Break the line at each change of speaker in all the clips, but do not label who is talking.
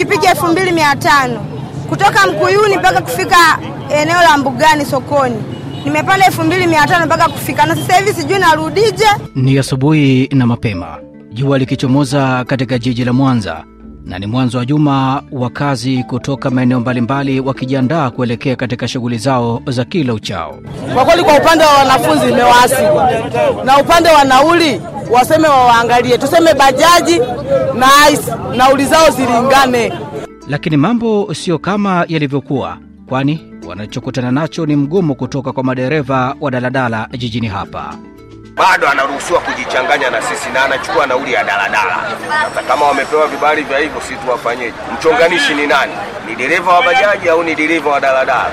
pikipiki elfu mbili mia tano kutoka Mkuyuni mpaka kufika eneo la Mbugani sokoni nimepanda elfu mbili mia tano mpaka kufika, na sasa hivi sijui narudije.
Ni asubuhi na mapema, jua likichomoza katika jiji la Mwanza na ni mwanzo wa juma wakazi kutoka maeneo mbalimbali wakijiandaa kuelekea katika shughuli zao za kila uchao.
Kwa kweli, kwa upande wa wanafunzi imewaasi, na upande wa nauli waseme wawaangalie, tuseme bajaji na ice nauli zao zilingane.
Lakini mambo siyo kama yalivyokuwa, kwani wanachokutana nacho ni mgumu kutoka kwa madereva wa daladala jijini hapa
bado anaruhusiwa kujichanganya na sisi na anachukua nauli ya daladala. Sasa kama wamepewa vibali vya hivyo, si tuwafanyeje? Mchonganishi ni nani? Ni dereva wa bajaji au ni dereva wa daladala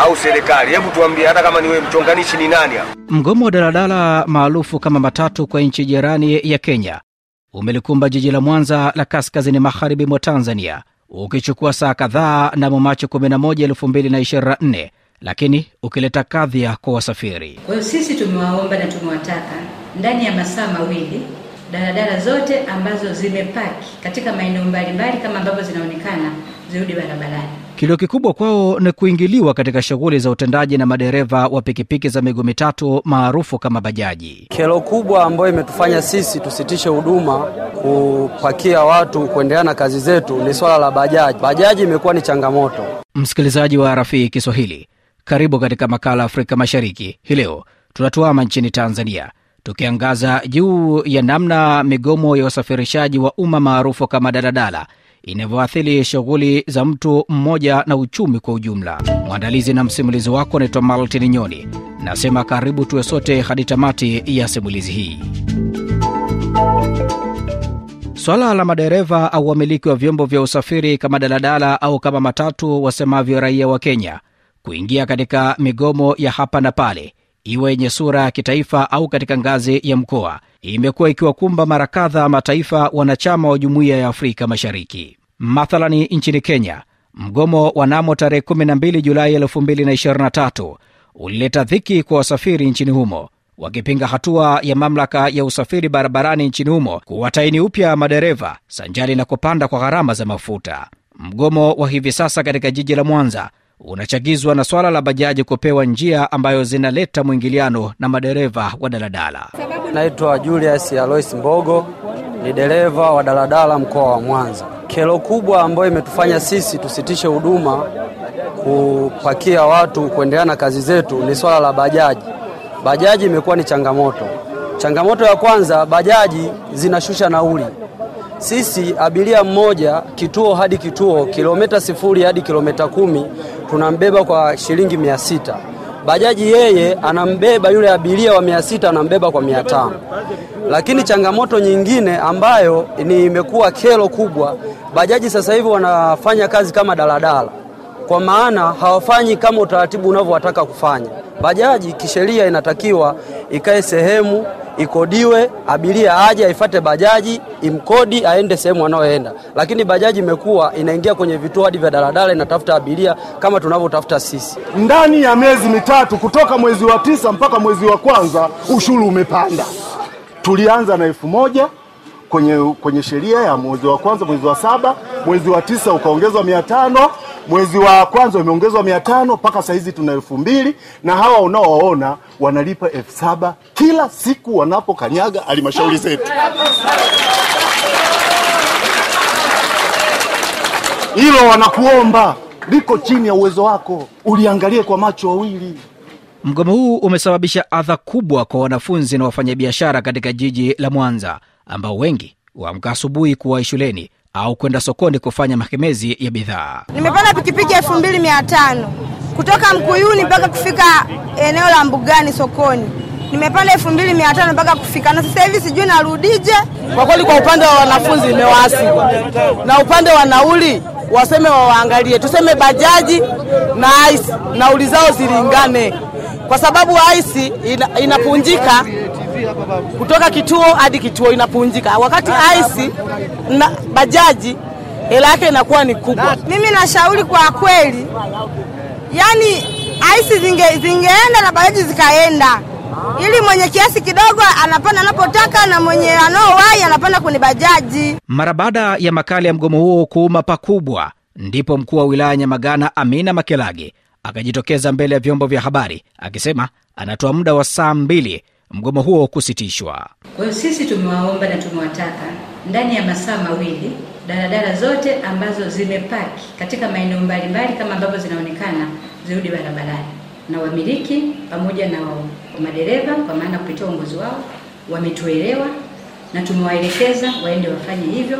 au serikali? Hebu tuambie, hata kama ni wewe, mchonganishi ni nani?
Mgomo wa daladala maarufu kama matatu kwa nchi jirani ya Kenya umelikumba jiji la Mwanza la kaskazini magharibi mwa Tanzania, ukichukua saa kadhaa na machi 11, 2024 lakini ukileta kadhia kwa wasafiri.
Kwa hiyo sisi tumewaomba na tumewataka ndani ya masaa mawili daladala zote ambazo zimepaki katika maeneo mbalimbali kama ambavyo zinaonekana zirudi barabarani.
Kilio kikubwa kwao ni kuingiliwa katika shughuli za utendaji na madereva wa pikipiki za miguu mitatu maarufu kama bajaji.
Kero kubwa ambayo imetufanya sisi tusitishe huduma kupakia watu kuendelea na kazi zetu ni swala la bajaji. Bajaji imekuwa ni changamoto.
Msikilizaji wa rafi Kiswahili, karibu katika makala Afrika Mashariki. Hii leo tunatuama nchini Tanzania, tukiangaza juu ya namna migomo ya usafirishaji wa umma maarufu kama daladala inavyoathiri shughuli za mtu mmoja na uchumi kwa ujumla. Mwandalizi na msimulizi wako naitwa Maltin Nyoni. Nasema karibu tuwe sote hadi tamati ya simulizi hii. Swala la madereva au wamiliki wa vyombo vya usafiri kama daladala au kama matatu, wasemavyo raia wa Kenya, kuingia katika migomo ya hapa na pale, iwe yenye sura ya kitaifa au katika ngazi ya mkoa, imekuwa ikiwakumba mara kadha mataifa wanachama wa Jumuiya ya Afrika Mashariki. Mathalani nchini Kenya, mgomo wa namo tarehe 12 Julai 223 ulileta dhiki kwa wasafiri nchini humo wakipinga hatua ya mamlaka ya usafiri barabarani nchini humo kuwataini upya madereva sanjali na kupanda kwa gharama za mafuta. Mgomo wa hivi sasa katika jiji la Mwanza unachagizwa na swala la bajaji kupewa njia ambayo zinaleta mwingiliano na madereva wa daladala.
Naitwa Julius Alois Mbogo, ni dereva wa daladala mkoa wa Mwanza. Kero kubwa ambayo imetufanya sisi tusitishe huduma kupakia watu kuendelea na kazi zetu ni swala la bajaji. Bajaji imekuwa ni changamoto. Changamoto ya kwanza, bajaji zinashusha nauli. Sisi abiria mmoja kituo hadi kituo, kilomita sifuri hadi kilomita kumi, tunambeba kwa shilingi mia sita bajaji yeye anambeba yule abiria wa mia sita anambeba kwa mia tano Lakini changamoto nyingine ambayo ni imekuwa kero kubwa, bajaji sasa hivi wanafanya kazi kama daladala, kwa maana hawafanyi kama utaratibu unavyowataka kufanya. Bajaji kisheria inatakiwa ikae sehemu ikodiwe, abiria aje aifate bajaji imkodi aende sehemu anayoenda, lakini bajaji imekuwa inaingia kwenye vituo hadi vya daladala inatafuta abiria kama tunavyotafuta sisi.
Ndani ya miezi mitatu kutoka mwezi wa tisa mpaka mwezi wa kwanza ushuru umepanda. Tulianza na elfu moja kwenye, kwenye sheria ya mwezi wa kwanza, mwezi wa saba, mwezi wa tisa ukaongezwa mia tano Mwezi wa kwanza umeongezwa mia tano mpaka sahizi tuna elfu mbili na hawa unaoona wanalipa elfu saba kila siku wanapokanyaga alimashauri zetu. Hilo wanakuomba liko chini ya uwezo wako, uliangalie kwa macho wawili.
Mgomo huu umesababisha adha kubwa kwa wanafunzi na wafanyabiashara katika jiji la Mwanza ambao wengi waamka asubuhi kuwahi shuleni au kwenda sokoni kufanya mahemezi ya bidhaa.
Nimepanda pikipiki elfu mbili mia tano kutoka Mkuyuni mpaka kufika eneo la Mbugani sokoni nimepanda elfu mbili mia tano mpaka kufika na
sasa hivi sijui narudije.
Kwa kweli, kwa upande wa wanafunzi imewaasi,
na upande wa nauli waseme wawaangalie, tuseme bajaji na ice nauli zao zilingane kwa sababu aisi ina, inapunjika kutoka kituo hadi kituo inapunjika. Wakati aisi na bajaji hela
yake inakuwa ni kubwa. Mimi nashauri kwa kweli, yani aisi zinge, zingeenda na bajaji zikaenda ili mwenye kiasi kidogo anapanda anapotaka na mwenye anaowai anapanda kwenye bajaji.
Mara baada ya makali ya mgomo huo kuuma pakubwa, ndipo mkuu wa wilaya Nyamagana Amina Makelage akajitokeza mbele ya vyombo vya habari akisema anatoa muda wa saa mbili mgomo huo kusitishwa.
Kwa hiyo sisi tumewaomba na tumewataka ndani ya masaa mawili daladala zote ambazo zimepaki katika maeneo mbalimbali kama ambavyo zinaonekana zirudi barabarani, na wamiliki pamoja na madereva, kwa maana kupitia uongozi wao wametuelewa na tumewaelekeza waende wafanye hivyo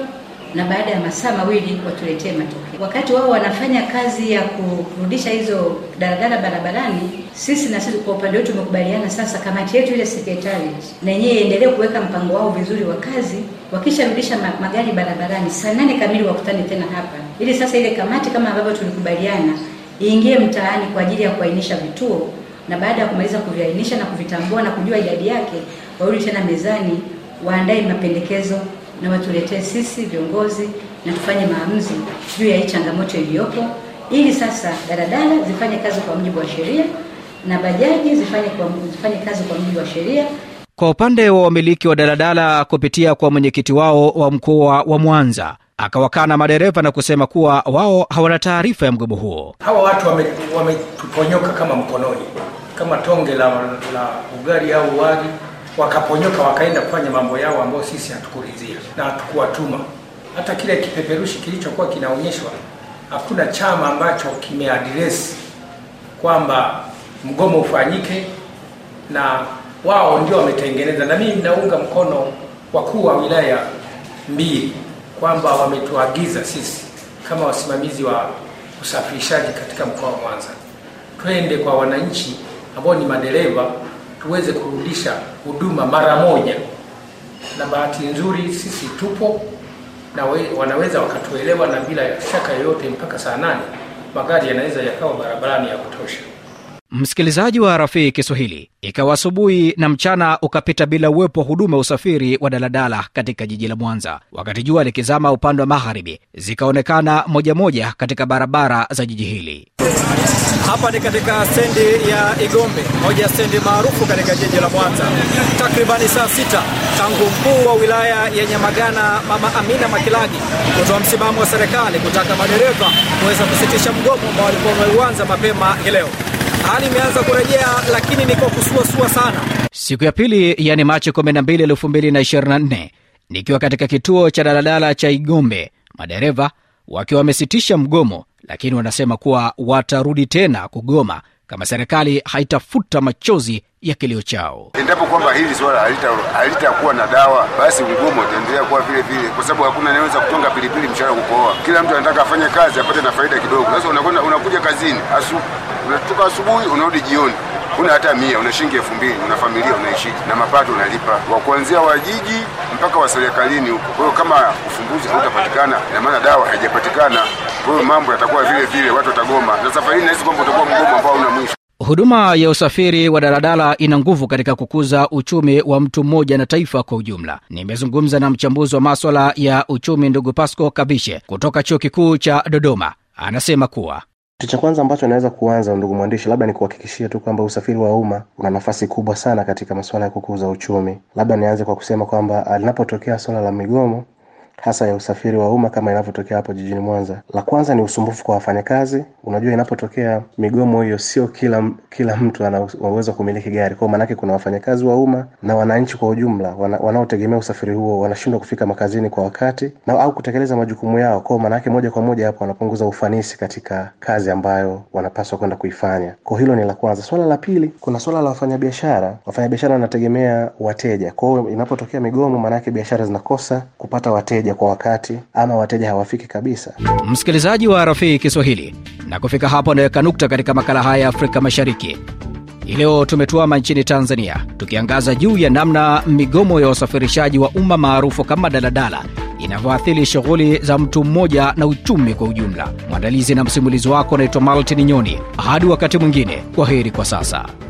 na baada ya masaa mawili watuletee matokeo. Wakati wao wanafanya kazi ya kurudisha hizo daladala barabarani, sisi na sisi kwa upande wetu tumekubaliana sasa, kamati yetu ile sekretariat na yenyewe iendelee kuweka mpango wao vizuri wa kazi. Wakisharudisha magari barabarani, saa nane kamili wakutane tena hapa, ili sasa ile kamati kama ambavyo tulikubaliana iingie mtaani kwa ajili ya kuainisha vituo, na baada ya kumaliza kuviainisha na kuvitambua na kujua idadi yake, warudi tena mezani, waandae mapendekezo na watuletee sisi viongozi na tufanye maamuzi juu ya hii changamoto iliyopo, ili sasa daladala zifanye kazi kwa mujibu wa sheria na bajaji zifanye, kwa, zifanye kazi kwa mujibu wa sheria.
Kwa upande wa wamiliki wa daladala kupitia kwa mwenyekiti wao wa mkoa wa Mwanza akawakana madereva na kusema kuwa wao hawana taarifa ya mgomo huo.
Hawa watu wametuponyoka wame kama mkononi, kama tonge la, la ugali au wali wakaponyoka wakaenda kufanya mambo yao ambayo sisi hatukuridhia na hatukuwatuma. Hata kile kipeperushi kilichokuwa
kinaonyeshwa, hakuna chama ambacho kimeadresi kwamba mgomo ufanyike, na wao ndio wametengeneza. Na mimi naunga mkono wakuu wa wilaya mbili kwamba wametuagiza sisi kama wasimamizi wa usafirishaji katika mkoa wa Mwanza twende kwa wananchi ambao ni madereva tuweze kurudisha huduma mara moja, na bahati nzuri sisi tupo na we, wanaweza wakatuelewa, na
bila shaka yoyote mpaka saa nane magari yanaweza yakawa barabarani ya kutosha.
Msikilizaji wa Rafii Kiswahili, ikawa asubuhi na mchana ukapita bila uwepo wa huduma ya usafiri wa daladala katika jiji la Mwanza. Wakati jua likizama upande wa magharibi, zikaonekana moja moja katika barabara za jiji hili.
Hapa ni katika stendi
ya Igombe, moja ya stendi maarufu katika jiji la Mwanza. Takribani saa sita tangu mkuu wa wilaya ya Nyamagana Mama Amina Makilagi kutoa msimamo wa serikali kutaka madereva kuweza kusitisha mgomo ambao walikuwa wameuanza mapema hii leo. Hali imeanza kurejea, lakini ni kwa kusuasua sana. Siku ya pili, yani Machi 12, 2024, nikiwa katika kituo cha daladala cha Igombe, madereva wakiwa wamesitisha mgomo lakini wanasema kuwa watarudi tena kugoma kama serikali haitafuta machozi ya kilio chao.
Endapo kwamba hili swala halitakuwa na dawa, basi mgomo utaendelea kuwa vile vile, kwa sababu hakuna anayeweza kutonga pilipili mshahara kukoa. Kila mtu anataka afanye kazi apate na faida kidogo. Sasa unakwenda unakuja kazini asu, unatoka asubuhi unarudi jioni una hata mia una shilingi elfu mbili una familia unaishiji na mapato unalipa wa kuanzia wa jiji mpaka wa serikalini huko. Kwa hiyo kama ufumbuzi hautapatikana, ina maana dawa haijapatikana. Kwa hiyo mambo yatakuwa vile vile, watu watagoma, na safari hii nahisi kwamba utakuwa mgomo ambao una mwisho.
Huduma ya usafiri wa daladala ina nguvu katika kukuza uchumi wa mtu mmoja na taifa kwa ujumla. Nimezungumza na mchambuzi wa maswala ya uchumi ndugu Pasco Kabishe kutoka Chuo Kikuu cha Dodoma. Anasema kuwa
kitu cha kwanza ambacho naweza kuanza, ndugu mwandishi, labda kuhakikishia tu kwamba usafiri wa umma una nafasi kubwa sana katika masuala ya kukuza uchumi. Labda nianze kwa kusema kwamba ah, linapotokea swala la migomo, hasa ya usafiri wa umma kama inavyotokea hapo jijini Mwanza. La kwanza ni usumbufu kwa wafanyakazi. Unajua, inapotokea migomo hiyo, sio kila kila mtu anaweza kumiliki gari kwao, maanake kuna wafanyakazi wa umma na wananchi kwa ujumla wanaotegemea wana usafiri huo wanashindwa kufika makazini kwa wakati na au kutekeleza majukumu yao kwao, maanake moja kwa moja hapo wanapunguza ufanisi katika kazi ambayo wanapaswa kwenda kuifanya. Kwa hilo ni la kwanza. Swala la pili, kuna swala la wafanyabiashara. Wafanyabiashara wanategemea wateja kwao, inapotokea migomo, maanake biashara zinakosa kupata wateja wateja kwa wakati ama wateja hawafiki kabisa.
Msikilizaji wa Rafii Kiswahili, na kufika hapo anaweka nukta katika makala haya ya Afrika Mashariki. Hii leo tumetuama nchini Tanzania tukiangaza juu ya namna migomo ya wasafirishaji wa umma maarufu kama daladala inavyoathiri shughuli za mtu mmoja na uchumi kwa ujumla. Mwandalizi na msimulizi wako unaitwa Maltin Nyoni. Hadi wakati mwingine, kwa heri kwa sasa.